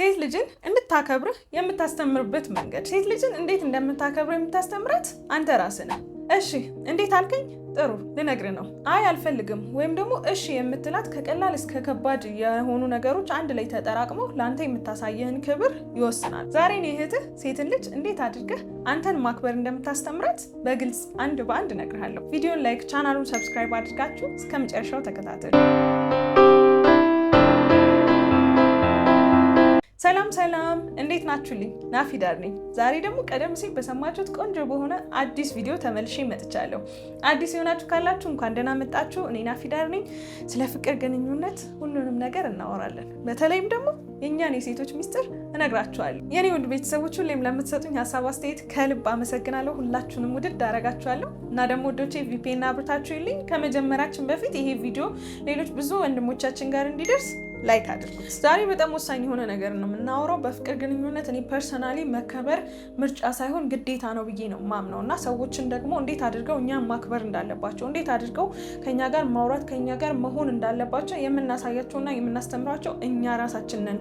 ሴት ልጅን እንድታከብርህ የምታስተምርበት መንገድ። ሴት ልጅን እንዴት እንደምታከብር የምታስተምራት አንተ ራስህ ነህ። እሺ እንዴት አልከኝ? ጥሩ ልነግር ነው። አይ አልፈልግም ወይም ደግሞ እሺ የምትላት ከቀላል እስከ ከባድ የሆኑ ነገሮች አንድ ላይ ተጠራቅመው ለአንተ የምታሳየህን ክብር ይወስናል። ዛሬን እህትህ ሴትን ልጅ እንዴት አድርገህ አንተን ማክበር እንደምታስተምራት በግልጽ አንድ በአንድ እነግርሃለሁ። ቪዲዮን ላይክ፣ ቻናሉን ሰብስክራይብ አድርጋችሁ እስከ መጨረሻው ተከታተሉ። ሰላም ሰላም፣ እንዴት ናችሁልኝ? ናፊዳር ነኝ። ዛሬ ደግሞ ቀደም ሲል በሰማችሁት ቆንጆ በሆነ አዲስ ቪዲዮ ተመልሼ መጥቻለሁ። አዲስ የሆናችሁ ካላችሁ እንኳን ደህና መጣችሁ። እኔ ናፊዳር ነኝ። ስለ ፍቅር ግንኙነት ሁሉንም ነገር እናወራለን። በተለይም ደግሞ የእኛን የሴቶች ሚስጥር እነግራችኋለሁ። የኔ ውድ ቤተሰቦች፣ ሁሌም ለምትሰጡኝ ሀሳብ አስተያየት ከልብ አመሰግናለሁ። ሁላችሁንም ውድድ አረጋችኋለሁ እና ደግሞ ወዶቼ ቪፒኤን አብርታችሁ ይልኝ። ከመጀመራችን በፊት ይሄ ቪዲዮ ሌሎች ብዙ ወንድሞቻችን ጋር እንዲደርስ ላይክ አድርጉት። ዛሬ በጣም ወሳኝ የሆነ ነገር ነው የምናወራው። በፍቅር ግንኙነት እኔ ፐርሰናሊ መከበር ምርጫ ሳይሆን ግዴታ ነው ብዬ ነው ማምነው እና ሰዎችን ደግሞ እንዴት አድርገው እኛም ማክበር እንዳለባቸው እንዴት አድርገው ከኛ ጋር ማውራት ከኛ ጋር መሆን እንዳለባቸው የምናሳያቸው እና የምናስተምራቸው እኛ ራሳችንን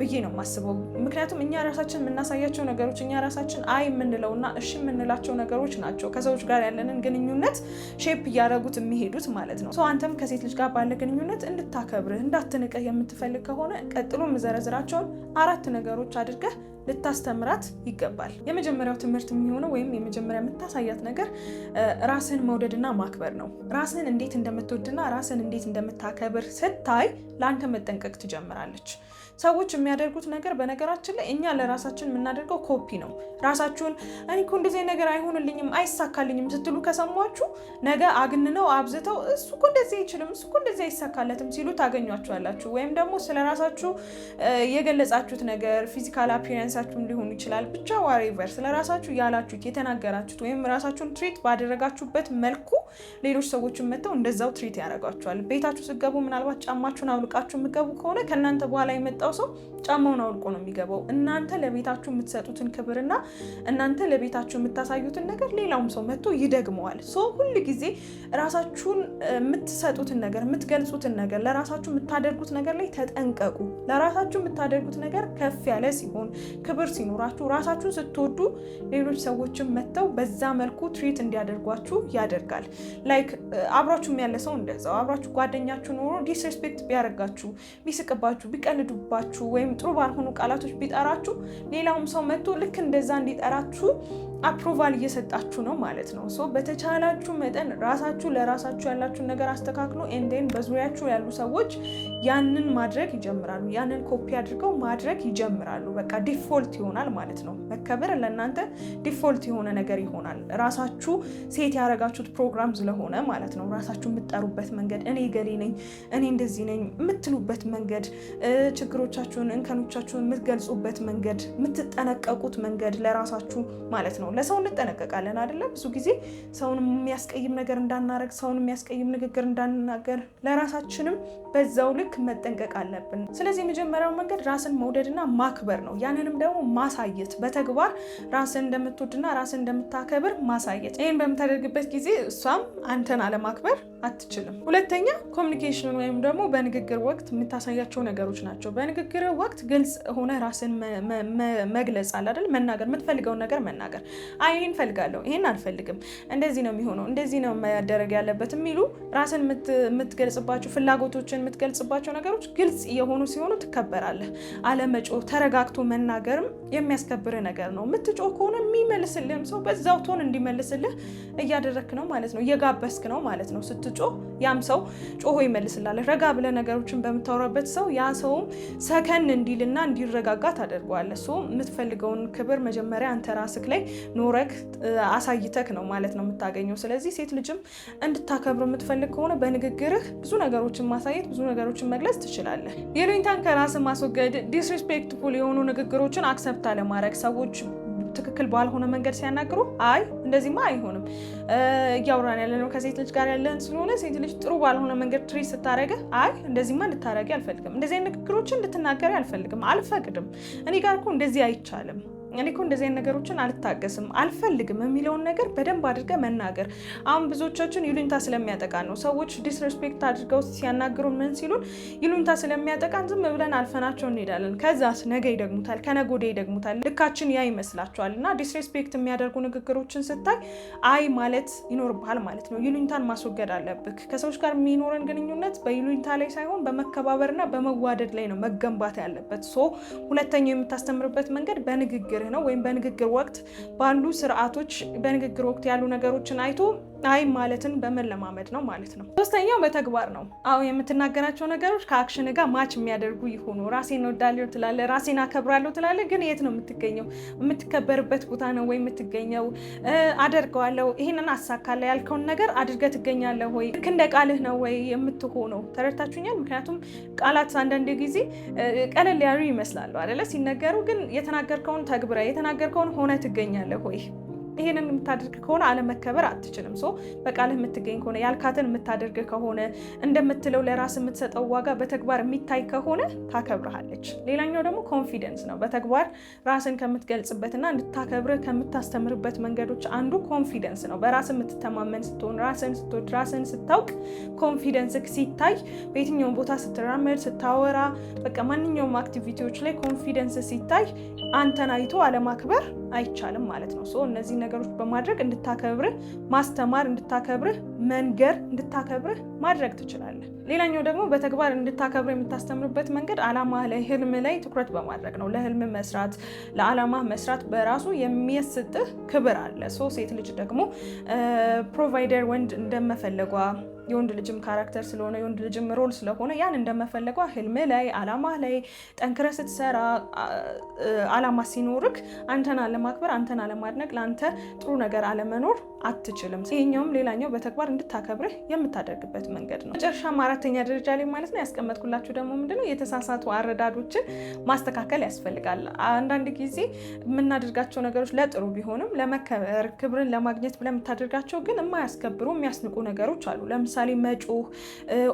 ብዬ ነው ማስበው ምክንያቱም እኛ ራሳችን የምናሳያቸው ነገሮች እኛ ራሳችን አይ የምንለውና እሺ የምንላቸው ነገሮች ናቸው ከሰዎች ጋር ያለንን ግንኙነት ሼፕ እያደረጉት የሚሄዱት ማለት ነው። አንተም ከሴት ልጅ ጋር ባለ ግንኙነት እንድታከብርህ እንዳት ልትንቅህ የምትፈልግ ከሆነ ቀጥሎ የምዘረዝራቸውን አራት ነገሮች አድርገህ ልታስተምራት ይገባል። የመጀመሪያው ትምህርት የሚሆነው ወይም የመጀመሪያ የምታሳያት ነገር ራስን መውደድና ማክበር ነው። ራስን እንዴት እንደምትወድና ራስን እንዴት እንደምታከብር ስታይ ለአንተ መጠንቀቅ ትጀምራለች። ሰዎች የሚያደርጉት ነገር በነገራችን ላይ እኛ ለራሳችን የምናደርገው ኮፒ ነው። ራሳችሁን እኔ እኮ እንደዚህ ነገር አይሆንልኝም፣ አይሳካልኝም ስትሉ ከሰሟችሁ ነገ አግንነው አብዝተው እሱ እኮ እንደዚህ አይችልም፣ እሱ እኮ እንደዚህ አይሳካለትም ሲሉ ታገኟችኋላችሁ። ወይም ደግሞ ስለ ራሳችሁ የገለጻችሁት ነገር ፊዚካል አፒራንሳችሁም ሊሆን ይችላል። ብቻ ዋሬቨር ስለ ራሳችሁ ያላችሁት የተናገራችሁት ወይም ራሳችሁን ትሪት ባደረጋችሁበት መልኩ ሌሎች ሰዎችን መጥተው እንደዛው ትሪት ያደርጓቸዋል። ቤታችሁ ስገቡ ምናልባት ጫማችሁን አውልቃችሁ የምገቡ ከሆነ ከእናንተ በኋላ የመጣው ሰው ጫማውን አውልቆ ነው የሚገባው። እናንተ ለቤታችሁ የምትሰጡትን ክብርና እናንተ ለቤታችሁ የምታሳዩትን ነገር ሌላውም ሰው መጥቶ ይደግመዋል። ሶ ሁል ጊዜ ራሳችሁን የምትሰጡትን ነገር የምትገልጹትን ነገር ለራሳችሁ የምታደርጉት ነገር ላይ ተጠንቀቁ። ለራሳችሁ የምታደርጉት ነገር ከፍ ያለ ሲሆን፣ ክብር ሲኖራችሁ፣ ራሳችሁን ስትወዱ ሌሎች ሰዎችን መጥተው በዛ መልኩ ትሪት እንዲያደርጓችሁ ያደርጋል። ላይክ አብራችሁም ያለ ሰው እንደዛው አብራችሁ ጓደኛችሁ ኖሮ ዲስሬስፔክት ቢያደርጋችሁ፣ ቢስቅባችሁ፣ ቢቀልዱባችሁ ወይም ጥሩ ባልሆኑ ቃላቶች ቢጠራችሁ ሌላውም ሰው መጥቶ ልክ እንደዛ እንዲጠራችሁ አፕሮቫል እየሰጣችሁ ነው ማለት ነው። ሶ በተቻላችሁ መጠን ራሳችሁ ለራሳችሁ ያላችሁን ነገር አስተካክሎ ኤንዴን በዙሪያችሁ ያሉ ሰዎች ያንን ማድረግ ይጀምራሉ። ያንን ኮፒ አድርገው ማድረግ ይጀምራሉ። በቃ ዲፎልት ይሆናል ማለት ነው። መከበር ለእናንተ ዲፎልት የሆነ ነገር ይሆናል። ራሳችሁ ሴት ያደረጋችሁት ፕሮግራም ስለሆነ ማለት ነው። ራሳችሁ የምትጠሩበት መንገድ እኔ ገሌ ነኝ፣ እኔ እንደዚህ ነኝ የምትሉበት መንገድ፣ ችግሮቻችሁን፣ እንከኖቻችሁን የምትገልጹበት መንገድ፣ የምትጠነቀቁት መንገድ ለራሳችሁ ማለት ነው ለሰው እንጠነቀቃለን አይደለ? ብዙ ጊዜ ሰውን የሚያስቀይም ነገር እንዳናረግ፣ ሰውን የሚያስቀይም ንግግር እንዳንናገር፣ ለራሳችንም በዛው ልክ መጠንቀቅ አለብን። ስለዚህ የመጀመሪያው መንገድ ራስን መውደድና ማክበር ነው። ያንንም ደግሞ ማሳየት በተግባር ራስን እንደምትወድና ራስን እንደምታከብር ማሳየት። ይህን በምታደርግበት ጊዜ እሷም አንተን አለማክበር አትችልም። ሁለተኛ ኮሚኒኬሽን ወይም ደግሞ በንግግር ወቅት የምታሳያቸው ነገሮች ናቸው። በንግግር ወቅት ግልጽ ሆነ ራስን መግለጽ አለ አይደል? መናገር የምትፈልገውን ነገር መናገር። አይ ይህን ፈልጋለሁ፣ ይህን አልፈልግም፣ እንደዚህ ነው የሚሆነው፣ እንደዚህ ነው መደረግ ያለበት የሚሉ ራስን የምትገልጽባቸው ፍላጎቶችን የምትገልጽባቸው ነገሮች ግልጽ የሆኑ ሲሆኑ ትከበራለህ። አለመጮ ተረጋግቶ መናገርም የሚያስከብር ነገር ነው። የምትጮ ከሆነ የሚመልስልህም ሰው በዛው ቶን እንዲመልስልህ እያደረግክ ነው ማለት ነው፣ እየጋበስክ ነው ማለት ነው ስት ስትጮህ ያም ሰው ጮሆ ይመልስላል። ረጋ ብለ ነገሮችን በምታወራበት ሰው ያ ሰውም ሰከን እንዲልና እንዲረጋጋ ታደርገዋለህ። ሶ የምትፈልገውን ክብር መጀመሪያ አንተ ራስክ ላይ ኖረክ አሳይተክ ነው ማለት ነው የምታገኘው። ስለዚህ ሴት ልጅም እንድታከብር የምትፈልግ ከሆነ በንግግርህ ብዙ ነገሮችን ማሳየት፣ ብዙ ነገሮችን መግለጽ ትችላለህ። ይሉኝታን ከራስ ማስወገድ፣ ዲስሪስፔክትፉል የሆኑ ንግግሮችን አክሰፕት አለማድረግ ሰዎች ትክክል ባልሆነ መንገድ ሲያናግሩ አይ እንደዚህማ አይሆንም እያወራን ያለ ነው ከሴት ልጅ ጋር ያለን ስለሆነ ሴት ልጅ ጥሩ ባልሆነ መንገድ ትሪት ስታደረገ አይ እንደዚህማ እንድታደረጊ አልፈልግም፣ እንደዚህ ንግግሮችን እንድትናገር አልፈልግም፣ አልፈቅድም፣ እኔ ጋር እኮ እንደዚህ አይቻልም እኔ እኮ እንደዚህ አይነት ነገሮችን አልታገስም፣ አልፈልግም የሚለውን ነገር በደንብ አድርገ መናገር። አሁን ብዙዎቻችን ይሉኝታ ስለሚያጠቃ ነው ሰዎች ዲስሬስፔክት አድርገው ሲያናግሩን ምን ሲሉን ይሉኝታ ስለሚያጠቃን ዝም ብለን አልፈናቸው እንሄዳለን። ከዛ ነገ ይደግሙታል፣ ከነገ ወዲያ ይደግሙታል። ልካችን ያ ይመስላቸዋል። እና ዲስሬስፔክት የሚያደርጉ ንግግሮችን ስታይ አይ ማለት ይኖርብሃል ማለት ነው። ይሉኝታን ማስወገድ አለብህ። ከሰዎች ጋር የሚኖረን ግንኙነት በይሉኝታ ላይ ሳይሆን በመከባበርና በመዋደድ ላይ ነው መገንባት ያለበት። ሶ ሁለተኛው የምታስተምርበት መንገድ በንግግር ነው ወይም በንግግር ወቅት ባሉ ስርዓቶች በንግግር ወቅት ያሉ ነገሮችን አይቶ አይ ማለትን በመለማመድ ነው ማለት ነው። ሶስተኛው በተግባር ነው። አዎ የምትናገራቸው ነገሮች ከአክሽን ጋር ማች የሚያደርጉ ይሆኑ። ራሴን ወዳለሁ ትላለ፣ ራሴን አከብራለሁ ትላለ ግን የት ነው የምትገኘው? የምትከበርበት ቦታ ነው ወይ የምትገኘው? አደርገዋለሁ፣ ይህንን አሳካለ ያልከውን ነገር አድርገ ትገኛለህ ወይ? ልክ እንደ ቃልህ ነው ወይ የምትሆነው? ተረድታችሁኛል? ምክንያቱም ቃላት አንዳንድ ጊዜ ቀለል ያሉ ይመስላሉ አይደለ? ሲነገሩ ግን የተናገርከውን ተግብረ የተናገርከውን ሆነ ትገኛለህ ወይ? ይሄንን የምታደርግ ከሆነ አለመከበር አትችልም። ሶ በቃልህ የምትገኝ ከሆነ ያልካትን የምታደርግ ከሆነ እንደምትለው ለራስ የምትሰጠው ዋጋ በተግባር የሚታይ ከሆነ ታከብረሃለች። ሌላኛው ደግሞ ኮንፊደንስ ነው። በተግባር ራስን ከምትገልጽበትና እንድታከብርህ ከምታስተምርበት መንገዶች አንዱ ኮንፊደንስ ነው። በራስ የምትተማመን ስትሆን፣ ራስን ስትወድ፣ ራስን ስታውቅ፣ ኮንፊደንስ ሲታይ በየትኛውም ቦታ ስትራመድ፣ ስታወራ፣ በቃ ማንኛውም አክቲቪቲዎች ላይ ኮንፊደንስ ሲታይ አንተን አይቶ አለማክበር አይቻልም ማለት ነው። ሶ እነዚህ ነገሮች በማድረግ እንድታከብርህ ማስተማር፣ እንድታከብርህ መንገር፣ እንድታከብርህ ማድረግ ትችላለህ። ሌላኛው ደግሞ በተግባር እንድታከብር የምታስተምርበት መንገድ አላማ ላይ ህልም ላይ ትኩረት በማድረግ ነው። ለህልም መስራት፣ ለአላማ መስራት በራሱ የሚያስጥህ ክብር አለ። ሶ ሴት ልጅ ደግሞ ፕሮቫይደር ወንድ እንደመፈለጓ የወንድ ልጅም ካራክተር ስለሆነ የወንድ ልጅም ሮል ስለሆነ ያን እንደመፈለጓ ህልም ላይ አላማ ላይ ጠንክረ ስትሰራ አላማ ሲኖርክ አንተን አለማክበር፣ አንተን አለማድነቅ፣ ለአንተ ጥሩ ነገር አለመኖር አትችልም። ይሄኛውም ሌላኛው በተግባር እንድታከብርህ የምታደርግበት መንገድ ነው። መጨረሻም አራተኛ ደረጃ ላይ ማለት ነው ያስቀመጥኩላችሁ ደግሞ ምንድነው የተሳሳቱ አረዳዶችን ማስተካከል ያስፈልጋል። አንዳንድ ጊዜ የምናደርጋቸው ነገሮች ለጥሩ ቢሆንም ለመከበር ክብርን ለማግኘት ብለን የምታደርጋቸው ግን የማያስከብሩ የሚያስንቁ ነገሮች አሉ። ለምሳሌ መጮህ፣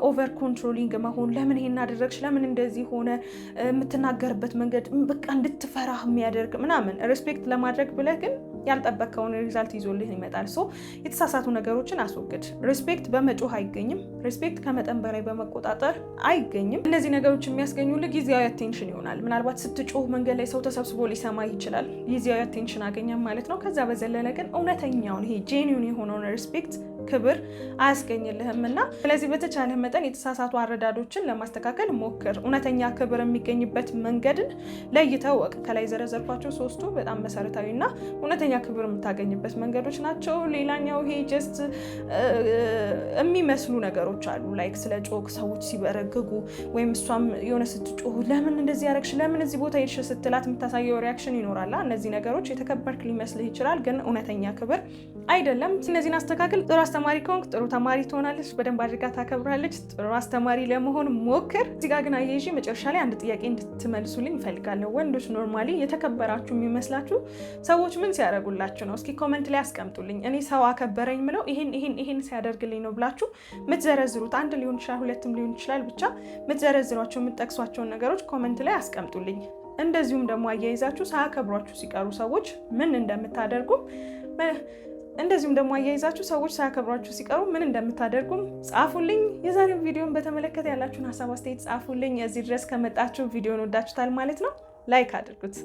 ኦቨር ኮንትሮሊንግ መሆን፣ ለምን ይሄን አደረግሽ፣ ለምን እንደዚህ ሆነ፣ የምትናገርበት መንገድ በቃ እንድትፈራህ የሚያደርግ ምናምን ሬስፔክት ለማድረግ ብለህ ግን ያልጠበቅከውን ሪዛልት ይዞልህ ይመጣል። ሶ የተሳሳቱ ነገሮችን አስወግድ። ሬስፔክት በመጮህ አይገኝም። ሬስፔክት ከመጠን በላይ በመቆጣጠር አይገኝም። እነዚህ ነገሮች የሚያስገኙልህ ጊዜያዊ አቴንሽን ይሆናል። ምናልባት ስትጮህ መንገድ ላይ ሰው ተሰብስቦ ሊሰማ ይችላል። ጊዜያዊ አቴንሽን አገኘም ማለት ነው። ከዛ በዘለለ ግን እውነተኛውን ይሄ ጄኒውን የሆነውን ሬስፔክት ክብር አያስገኝልህም እና ስለዚህ በተቻለ መጠን የተሳሳቱ አረዳዶችን ለማስተካከል ሞክር። እውነተኛ ክብር የሚገኝበት መንገድን ለይተህ ወቅ። ከላይ ዘረዘርኳቸው ሶስቱ በጣም መሰረታዊ እና እውነተኛ ክብር የምታገኝበት መንገዶች ናቸው። ሌላኛው ይሄ ጀስት የሚመስሉ ነገሮች አሉ። ላይክ ስለ ጮክ ሰዎች ሲበረግጉ ወይም እሷም የሆነ ስትጮህ ለምን እንደዚህ ያረግሽ ለምን እዚህ ቦታ ሄድሽ ስትላት የምታሳየው ሪያክሽን ይኖራላ። እነዚህ ነገሮች የተከበርክ ሊመስልህ ይችላል፣ ግን እውነተኛ ክብር አይደለም። እነዚህን አስተካክል። ጥሩ አስተማሪ ከሆንክ ጥሩ ተማሪ ትሆናለች። በደንብ አድርጋ ታከብራለች። ጥሩ አስተማሪ ለመሆን ሞክር። እዚህ ጋር ግን አየዥ መጨረሻ ላይ አንድ ጥያቄ እንድትመልሱልኝ እፈልጋለሁ። ወንዶች ኖርማሊ የተከበራችሁ የሚመስላችሁ ሰዎች ምን ሲያደርጉላችሁ ነው? እስኪ ኮመንት ላይ አስቀምጡልኝ። እኔ ሰው አከበረኝ ምለው ይሄን ይሄን ይሄን ሲያደርግልኝ ነው ብላችሁ ምትዘረዝሩት አንድ ሊሆን ይችላል፣ ሁለትም ሊሆን ይችላል። ብቻ ምትዘረዝሯቸው የምትጠቅሷቸውን ነገሮች ኮመንት ላይ አስቀምጡልኝ። እንደዚሁም ደግሞ አያይዛችሁ ሳያከብሯችሁ ሲቀሩ ሰዎች ምን እንደምታደርጉ እንደዚሁም ደግሞ አያይዛችሁ ሰዎች ሳያከብሯችሁ ሲቀሩ ምን እንደምታደርጉም ጻፉልኝ። የዛሬው ቪዲዮን በተመለከተ ያላችሁን ሀሳብ አስተያየት ጻፉልኝ። እዚህ ድረስ ከመጣችሁ ቪዲዮን ወዳችሁታል ማለት ነው ላይክ አድርጉት።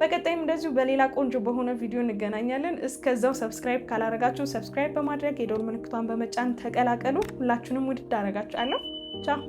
በቀጣይም እንደዚሁ በሌላ ቆንጆ በሆነ ቪዲዮ እንገናኛለን። እስከዛው ሰብስክራይብ ካላረጋችሁ ሰብስክራይብ በማድረግ የደወል ምልክቷን በመጫን ተቀላቀሉ። ሁላችሁንም ውድድ አረጋችኋለሁ። ቻው